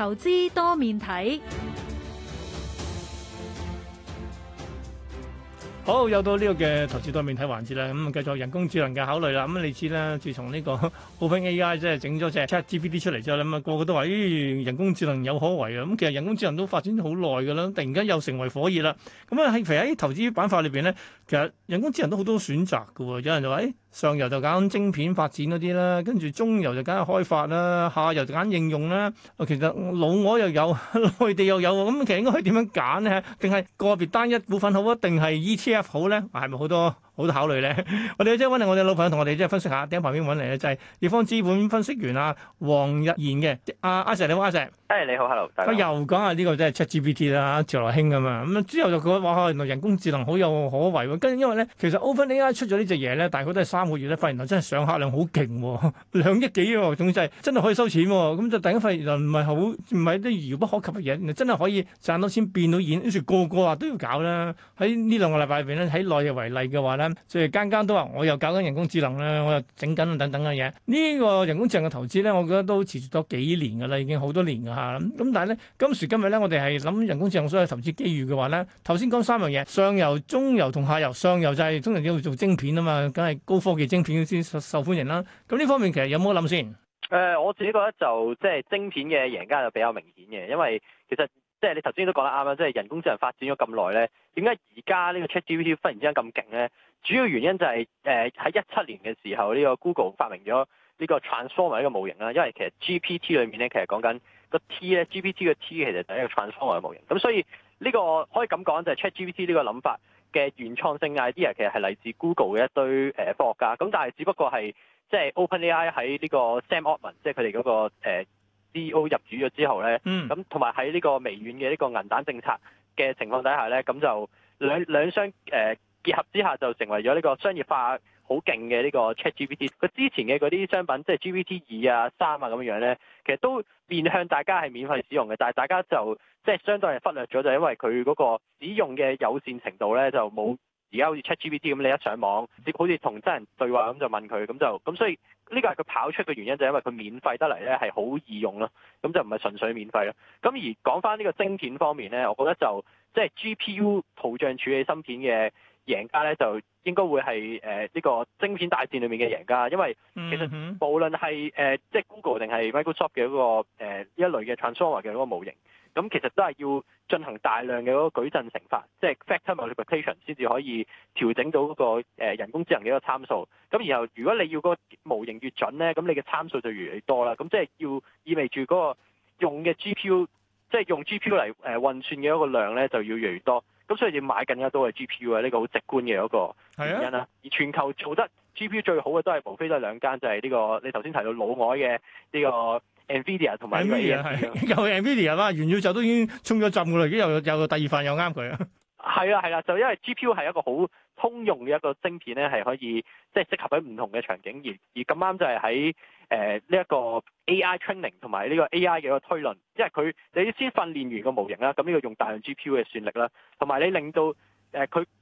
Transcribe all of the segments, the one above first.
投資多面睇。好，又到呢個嘅投資多面睇環節啦，咁啊繼續人工智能嘅考慮啦。咁、嗯、你知啦，自從呢、這個 Open AI 即係整咗隻 Chat GPT 出嚟之後啦，咁啊個個都話咦、哎，人工智能有可為啊。咁其實人工智能都發展咗好耐㗎啦，突然間又成為火熱啦。咁啊喺，譬如喺投資板塊裏邊咧，其實人工智能都好多選擇㗎喎。有人就話，誒、哎、上游就揀晶片發展嗰啲啦，跟住中游就揀開發啦，下游就揀應用啦。其實老外又有，內地又有，咁、嗯、其實應該可以點樣揀咧？定係個別單一股份好啊？定係 ETF？好咧，係咪好多？好多考慮咧， 我哋即係揾嚟我哋老朋友同我哋即係分析一下，喺旁邊揾嚟咧就係、是、業方資本分析員、啊啊、阿黃日賢嘅阿阿石你好。阿石，哎，hey, 你好，hello，又講下呢個即係 ChatGPT 啦，潮流興啊嘛，咁、嗯、之後就覺得哇，原來人工智能好有可為喎、啊。跟住因為咧，其實 OpenAI 出咗呢隻嘢咧，大概都係三個月咧，發現原來真係上客量好勁、啊， 兩億幾喎、哦，總之係真係可以收錢喎、啊。咁就突然間發現原來唔係好，唔係啲遙不可及嘅嘢，真係可以賺到錢、變到現，跟住個個啊都要搞啦。喺呢兩個禮拜入邊咧，喺內地為例嘅話咧。即係間間都話，我又搞緊人工智能咧，我又整緊等等嘅嘢。呢、這個人工智能嘅投資咧，我覺得都持續咗幾年噶啦，已經好多年噶吓。咁但係咧，今時今日咧，我哋係諗人工智能所有投資機遇嘅話咧，頭先講三樣嘢：上游、中游同下游。上游就係通常叫做做晶片啊嘛，梗係高科技晶片先受歡迎啦。咁呢方面其實有冇諗先？誒、呃，我自己覺得就即係、就是、晶片嘅贏家就比較明顯嘅，因為其實。即係你頭先都講得啱啦，即係人工智能發展咗咁耐咧，點解而家呢個 ChatGPT 忽然之間咁勁咧？主要原因就係誒喺一七年嘅時候，呢個 Google 發明咗呢個 Transformer 呢個模型啦。因為其實 GPT 裡面咧，其實講緊個 T 咧，GPT 嘅 T 其實就係一個 Transformer 嘅模型。咁所以呢個可以咁講，就係 ChatGPT 呢個諗法嘅原創性 idea。其實係嚟自 Google 嘅一堆誒科學家。咁但係只不過係即係、就是、OpenAI 喺呢個 Sam Altman 即係佢哋嗰個呃 CEO 入主咗之後咧，咁同埋喺呢個微軟嘅呢個銀彈政策嘅情況底下呢，咁就兩、嗯、兩雙誒、呃、結合之下就成為咗呢個商業化好勁嘅呢個 Chat GPT。佢之前嘅嗰啲商品，即係 GPT 二啊、三啊咁樣呢，其實都面向大家係免費使用嘅，但係大家就即係相當係忽略咗，就因為佢嗰個使用嘅友善程度呢，就冇、嗯。而家好似 ChatGPT 咁，你一上網，你，好似同真人對話咁就問佢，咁就咁所以呢個係佢跑出嘅原因，就係、是、因為佢免費得嚟咧係好易用咯，咁就唔係純粹免費咯。咁而講翻呢個芯片方面咧，我覺得就即係、就是、GPU 圖像處理芯片嘅贏家咧，就應該會係誒呢個芯片大戰裏面嘅贏家，因為其實無論係誒即、呃、係、就是、Google 定係 Microsoft 嘅嗰、那個誒、呃、一類嘅 Transformer 嘅嗰個模型。咁其實都係要進行大量嘅嗰個矩陣乘法，即係 factor multiplication，先至可以調整到嗰個人工智能嘅一個參數。咁然後如果你要個模型越準咧，咁你嘅參數就越嚟越多啦。咁即係要意味住嗰個用嘅 GPU，即係用 GPU 嚟誒運算嘅一個量咧，就要越嚟越多。咁所以要買更加多嘅 GPU 啊，呢個好直觀嘅一個原因啦。啊，而全球做得 GPU 最好嘅都係無非都係兩間，就係呢個你頭先提到老外嘅呢個。Nvidia 同埋嗰啲嘢，又係 Nvidia 啦，元宇宙都已經衝咗浸噶啦，而家又又第二份又啱佢啊，係啊係啦，就因為 GPU 係一個好通用嘅一個晶片咧，係可以即係、就是、適合喺唔同嘅場景，而而咁啱就係喺誒呢一個 AI training 同埋呢個 AI 嘅一個推論，因為佢你先訓練完個模型啦，咁呢個用大量 GPU 嘅算力啦，同埋你令到。誒，佢計、呃、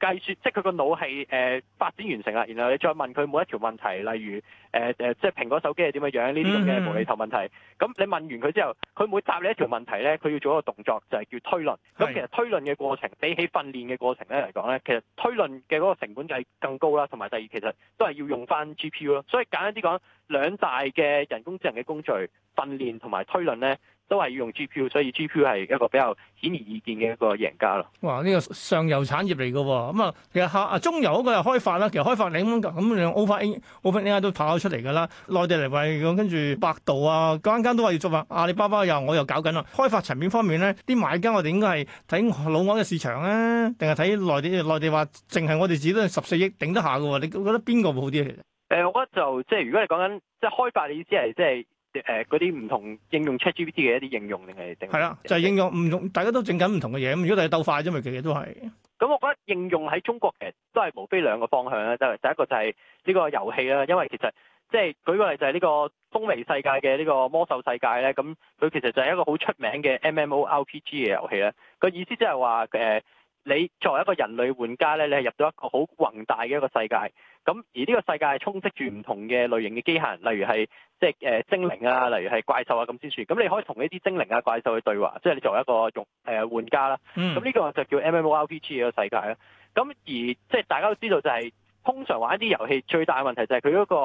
算即係佢個腦係誒發展完成啦，然後你再問佢每一條問題，例如誒誒、呃呃，即係蘋果手機係點樣這這樣呢啲咁嘅無厘頭問題，咁你問完佢之後，佢每答你一條問題咧，佢要做一個動作，就係、是、叫推論。咁其實推論嘅過程比起訓練嘅過程咧嚟講咧，其實推論嘅嗰個成本就係更高啦，同埋第二其實都係要用翻 GPU 咯。所以簡單啲講。兩大嘅人工智能嘅工序，訓練同埋推論咧，都係要用 GPU，所以 GPU 係一個比較顯而易見嘅一個贏家咯。哇！呢個上游產業嚟嘅喎，咁啊，其實下啊中游嗰個又開發啦，其實開發領域咁樣，OpenAI、OpenAI 都跑咗出嚟㗎啦。內地嚟話，跟住百度啊，間間都話要做啊。阿里巴巴又我又搞緊啦、啊。開發層面方面咧，啲買家我哋應該係睇老外嘅市場咧、啊，定係睇內地？內地話淨係我哋自己都係十四億頂得下嘅喎，你覺得邊個會好啲其實啊？誒，我覺得就即係，如果你講緊即係開發嘅意思係，即係誒嗰啲唔同應用 ChatGPT 嘅一啲應用，定係定係？啦，就係、係、應用唔同，大家都整緊唔同嘅嘢。咁如果係鬥快啫嘛，其實都係。咁、嗯、我覺得應用喺中國其實都係無非兩個方向啦。就係第一個就係呢個遊戲啦，因為其實即係舉個例就係呢個《風靡世界》嘅呢個《魔獸世界》咧，咁佢其實就係一個好出名嘅 MMORPG 嘅遊戲咧。個意思即係話誒。呃你作為一個人類玩家咧，你係入到一個好宏大嘅一個世界，咁而呢個世界係充斥住唔同嘅類型嘅機械人，例如係即係誒精靈啊，例如係怪獸啊咁先算。咁你可以同呢啲精靈啊、怪獸去對話，即係你作為一個用誒玩家啦。咁呢個就叫 MMORPG 嘅世界啦。咁而即係大家都知道、就係，就係通常玩一啲遊戲最大嘅問題就係佢嗰個、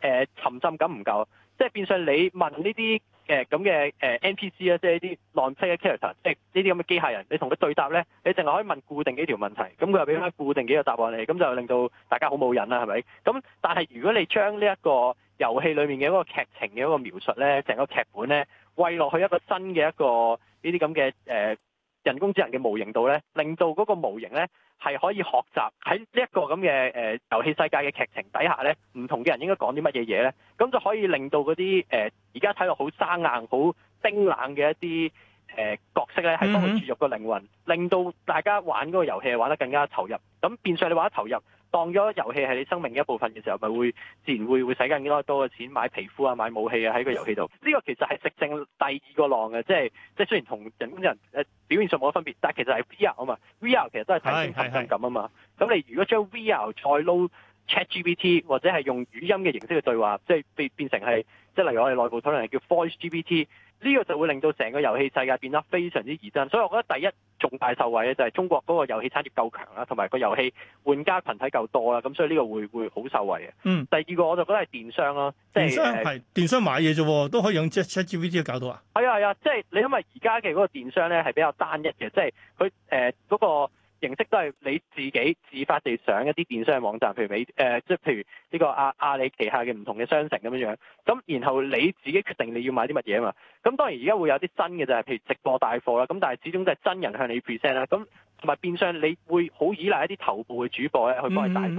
呃、沉浸感唔夠，即係變相你問呢啲，誒咁嘅誒 NPC 啊，即係呢啲 non-player 嘅 character，即係呢啲咁嘅機械人，你同佢對答咧，你淨係可以問固定幾條問題，咁佢又俾翻固定幾個答案你，咁就令到大家好冇癮啦，係咪？咁但係如果你將呢一個遊戲裡面嘅一個劇情嘅一個描述咧，成個劇本咧，喂落去一個新嘅一個呢啲咁嘅誒。這人工智能嘅模型度呢，令到嗰個模型呢，係可以學習喺呢一個咁嘅誒遊戲世界嘅劇情底下呢，唔同嘅人應該講啲乜嘢嘢呢，咁就可以令到嗰啲誒而家睇落好生硬、好冰冷嘅一啲誒、呃、角色呢，係幫佢注入個靈魂，令到大家玩嗰個遊戲玩得更加投入。咁變相你玩得投入。當咗遊戲係你生命一部分嘅時候，咪會自然會會使更多多嘅錢買皮膚啊、買武器啊喺個遊戲度。呢、這個其實係食正第二個浪嘅、啊，即係即係雖然同人工智、呃、表面上冇乜分別，但係其實係 VR 啊嘛，VR 其實都係提升沉浸感啊嘛。咁你如果將 VR 再 l ChatGPT 或者係用語音嘅形式嘅對話，即係變變成係即係例如我哋內部討論係叫 VoiceGPT，呢個就會令到成個遊戲世界變得非常之擬真。所以我覺得第一重大受惠嘅就係中國嗰個遊戲產業夠強啦，同埋個遊戲玩家群體夠多啦，咁所以呢個會會好受惠嘅。嗯，第二個我就覺得係電商咯，即、就係、商係電商買嘢啫，都可以用即係 ChatGPT 搞到啊？係啊係啊，即係你因為而家嘅嗰個電商咧係比較單一嘅，即係佢誒嗰個。形式都係你自己自發地上一啲電商網站，譬如美誒，即、呃、係譬如呢個阿阿里旗下嘅唔同嘅商城咁樣樣。咁然後你自己決定你要買啲乜嘢啊嘛。咁當然而家會有啲新嘅就係，譬如直播帶貨啦。咁但係始終都係真人向你 present 啦。咁同埋變相你會好依賴一啲頭部嘅主播咧去幫你帶貨。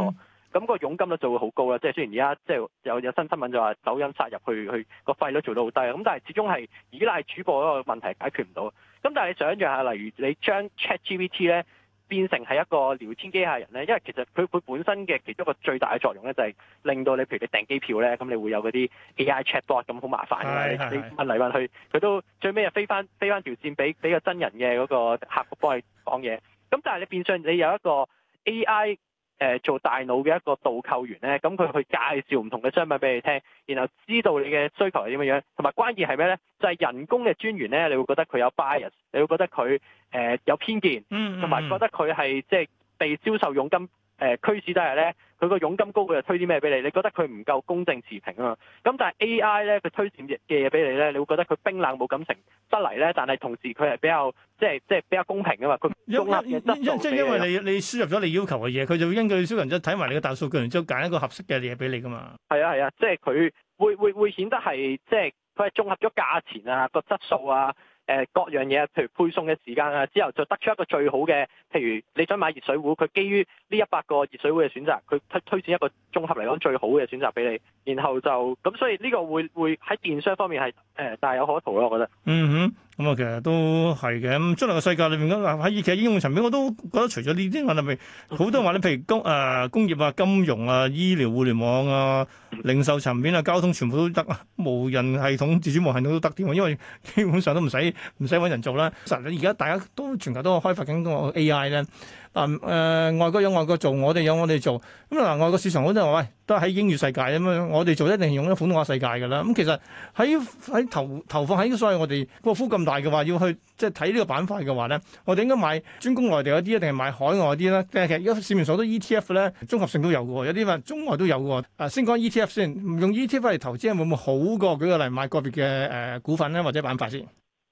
咁、嗯、個佣金率就會好高啦。即係雖然而家即係有有新新聞就話抖音殺入去去個費率做到好低啊。咁但係始終係依賴主播嗰個問題解決唔到。咁但係你想像下，例如你將 ChatGPT 咧。變成係一個聊天機械人咧，因為其實佢佢本身嘅其中一個最大嘅作用咧，就係令到你，譬如你訂機票咧，咁你會有嗰啲 AI chatbot 咁好麻煩嘅， 你問嚟問去，佢都最尾啊，飛翻飛翻條線，俾俾個真人嘅嗰個客服幫你講嘢。咁但係你變相你有一個 AI。誒做大腦嘅一個導購員咧，咁佢去介紹唔同嘅商品俾你聽，然後知道你嘅需求係點樣樣，同埋關鍵係咩咧？就係、是、人工嘅專員咧，你會覺得佢有 bias，你會覺得佢誒、呃、有偏見，同埋覺得佢係即係被銷售佣金。誒區市都係咧，佢個、呃、佣金高，佢就推啲咩俾你？你覺得佢唔夠公正持平啊？咁但係 AI 咧，佢推薦嘅嘢俾你咧，你會覺得佢冰冷冇感情得嚟咧。但係同時佢係比較即係即係比較公平啊嘛。佢綜合嘢質、嗯、即係因為你你輸入咗你要求嘅嘢，佢就會根據輸入咗睇埋你嘅大數據，然之後揀一個合適嘅嘢俾你噶嘛。係啊係啊，即係佢會會會顯得係即係佢係綜合咗價錢啊、個質素啊。誒、呃、各樣嘢，譬如配送嘅時間啊，之後就得出一個最好嘅，譬如你想買熱水壺，佢基於呢一百個熱水壺嘅選擇，佢推推薦一個綜合嚟講最好嘅選擇俾你，然後就咁，所以呢個會會喺電商方面係誒、呃、大有可圖咯，我覺得。嗯哼，咁、嗯、啊、嗯嗯，其實都係嘅。咁將來嘅世界裏面，喺以喺其實應用層面，我都覺得除咗呢啲，我諗係好多話你，譬如工誒、呃、工業啊、金融啊、醫療、互聯網啊、零售層面啊、交通全部都得啊。無人系統、自主無限都得啲，因為基本上都唔使唔使揾人做啦。其而家大家都全球都開發緊個 AI 咧、嗯。誒、呃、外國有外國做，我哋有我哋做。咁、嗯、啊、呃，外國市場多人話，喂、哎、都喺英語世界咁樣、嗯，我哋做一定用咗普通話世界嘅啦。咁、嗯、其實喺喺投投放喺所謂我哋波夫咁大嘅話，要去即係睇呢個板塊嘅話咧，我哋應該買專攻內地嗰啲，定係買海外啲啦。但係其實而家市面上都 ETF 咧，綜合性都有嘅喎，有啲話中外都有嘅喎、啊。先講 ETF 先，唔用 ETF 嚟投資會唔會好？估個舉個例買個別嘅誒股份咧，或者板塊先。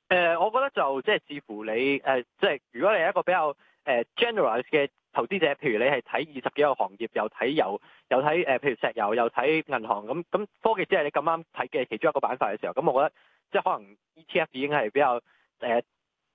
誒，我覺得就即係視乎你誒、呃，即係如果你係一個比較誒、呃、generalize 嘅投資者，譬如你係睇二十幾個行業，又睇油，又睇誒、呃，譬如石油，又睇銀行咁，咁科技只係你咁啱睇嘅其中一個板塊嘅時候，咁我覺得即係可能 ETF 已經係比較誒。呃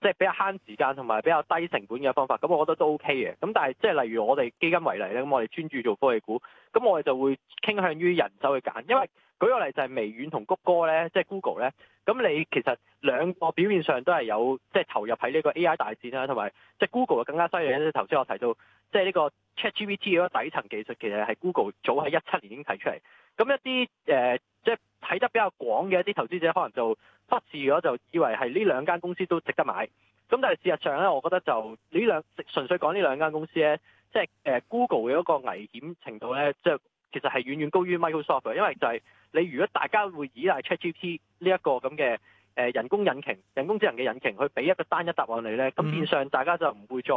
即係比較慳時間同埋比較低成本嘅方法，咁我覺得都 OK 嘅。咁但係即係例如我哋基金為例咧，咁我哋專注做科技股，咁我哋就會傾向於人手去揀。因為舉個例就係微軟同谷歌咧，即係 Google 咧，咁你其實兩個表面上都係有即係投入喺呢個 AI 大戰啦，同埋即係 Google 更加犀利嘅。頭先我提到即係呢個 ChatGPT 嗰個底層技術，其實係 Google 早喺一七年已經提出嚟。咁一啲誒。呃即係睇得比較廣嘅一啲投資者，可能就忽視咗，就以為係呢兩間公司都值得買。咁但係事實上咧，我覺得就呢兩純粹講呢兩間公司咧，即係誒 Google 嘅一個危險程度咧，即係其實係遠遠高於 Microsoft，因為就係你如果大家會依賴 ChatGPT 呢一個咁嘅。誒人工引擎、人工智能嘅引擎，去俾一個單一答案你咧，咁、嗯、變相大家就唔會再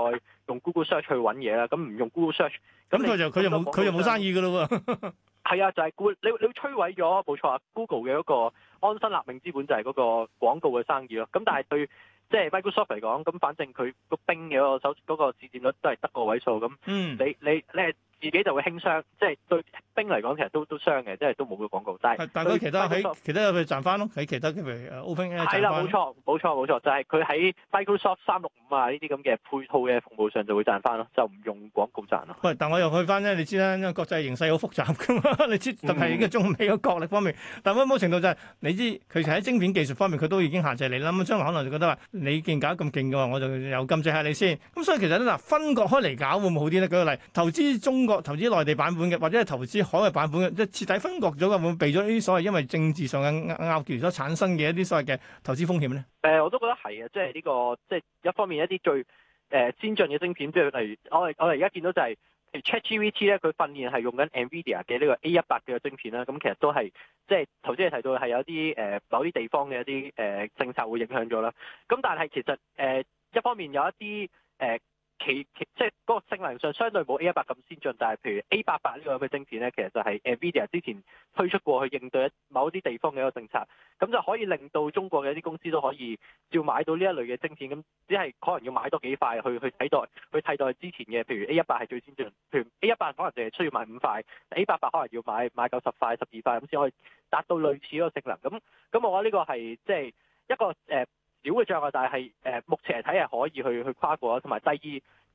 用 Google Search 去揾嘢啦。咁唔用 Google Search，咁佢就佢你就冇佢就冇生意噶咯喎。係 啊，就係、是、你你，你摧毀咗冇錯啊，Google 嘅一個安身立命資本就係嗰個廣告嘅生意咯。咁、嗯、但係對即係 Microsoft 嚟講，咁、就是、反正佢個兵嘅個手嗰、那個市佔率都係得個位數咁。嗯，你你你係。自己就會輕傷，即、就、係、是、對兵嚟講，其實都都傷嘅，即係都冇個廣告。但係但係佢其他喺對其他佢賺翻咯，喺其他譬如 OpenAI 啦，冇錯冇錯冇錯，就係、是、佢喺 Microsoft 三六五啊呢啲咁嘅配套嘅服務上就會賺翻咯，就唔用廣告賺啦。喂，但我又去翻咧，你知啦，因為國際形勢好複雜噶嘛， 你知特別係個中美嘅國力方面，但係某程度就係、是、你知，其實喺晶片技術方面佢都已經限制你啦。咁將來可能就覺得話你既然搞咁勁嘅話，我就又禁止下你先。咁所以其實咧嗱，分隔開嚟搞會唔會好啲咧？舉個例，投資中。投資內地版本嘅，或者係投資海外版本嘅，即係徹底分割咗嘅，會避咗呢啲所謂因為政治上嘅拗撬所產生嘅一啲所謂嘅投資風險咧？誒、呃，我都覺得係啊，即係呢個即係、就是、一方面一啲最誒、呃、先進嘅晶片，即係例如我哋我哋而家見到就係 ChatGPT 咧，佢訓練係用緊 NVIDIA 嘅呢個 A 一百嘅晶片啦。咁其實都係即係頭先你提到係有啲誒、呃、某啲地方嘅一啲誒、呃、政策會影響咗啦。咁但係其實誒、呃、一方面有一啲誒。呃其即係嗰個性能上相對冇 A 一百咁先進，但係譬如 A 八八呢個咁嘅晶片咧，其實就係 NVIDIA 之前推出過去應對某一啲地方嘅一個政策，咁就可以令到中國嘅一啲公司都可以照買到呢一類嘅晶片，咁只係可能要買多幾塊去去，去替代去替代之前嘅，譬如 A 一百係最先進，譬如 A 一百可能淨係需要買五塊，A 八八可能要買買夠十塊、十二塊咁先可以達到類似嗰個性能。咁咁我覺得呢個係即係一個誒。呃小嘅障礙，但係誒、呃、目前嚟睇係可以去去跨過。同埋第二，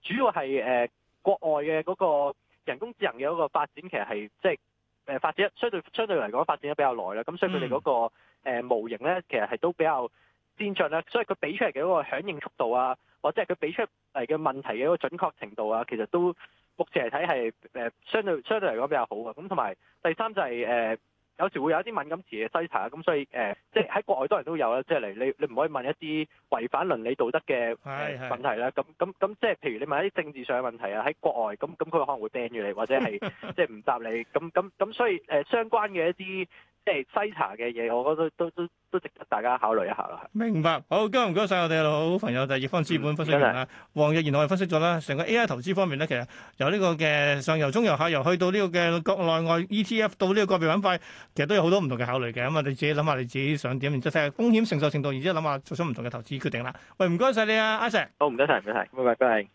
主要係誒、呃、國外嘅嗰個人工智能嘅嗰個發展，其實係即係誒發展相對相對嚟講發展得比較耐啦。咁所以佢哋嗰個模型咧，其實係都比較先進啦。所以佢俾出嚟嘅嗰個響應速度啊，或者係佢俾出嚟嘅問題嘅嗰個準確程度啊，其實都目前嚟睇係誒相對相對嚟講比較好嘅。咁同埋第三就係、是、誒。呃有時會有一啲敏感詞嘅篩查，咁所以誒、呃，即係喺國外當然都有啦，即係嚟你你唔可以問一啲違反倫理道德嘅、呃、是是 問題咧，咁咁咁即係譬如你問一啲政治上嘅問題啊，喺國外咁咁佢可能會掟住你，或者係 即係唔答你，咁咁咁所以誒、呃、相關嘅一啲。即係西茶嘅嘢，我覺得都都都值得大家考慮一下啦。明白，好，今日唔該晒我哋嘅老朋友，就係億方資本分析員啊。黃、嗯、日賢，我哋分析咗啦，成個 A.I. 投資方面咧，其實、這個，由呢個嘅上游、中游、下游，去到呢個嘅國內外 E.T.F. 到呢個個別板塊，其實都有好多唔同嘅考慮嘅。咁啊，你自己諗下你自己想點，然之後睇下風險承受程度，然之後諗下做出唔同嘅投資決定啦。喂，唔該晒你啊，阿 Sir，好，唔該晒，唔該晒，拜拜。拜拜。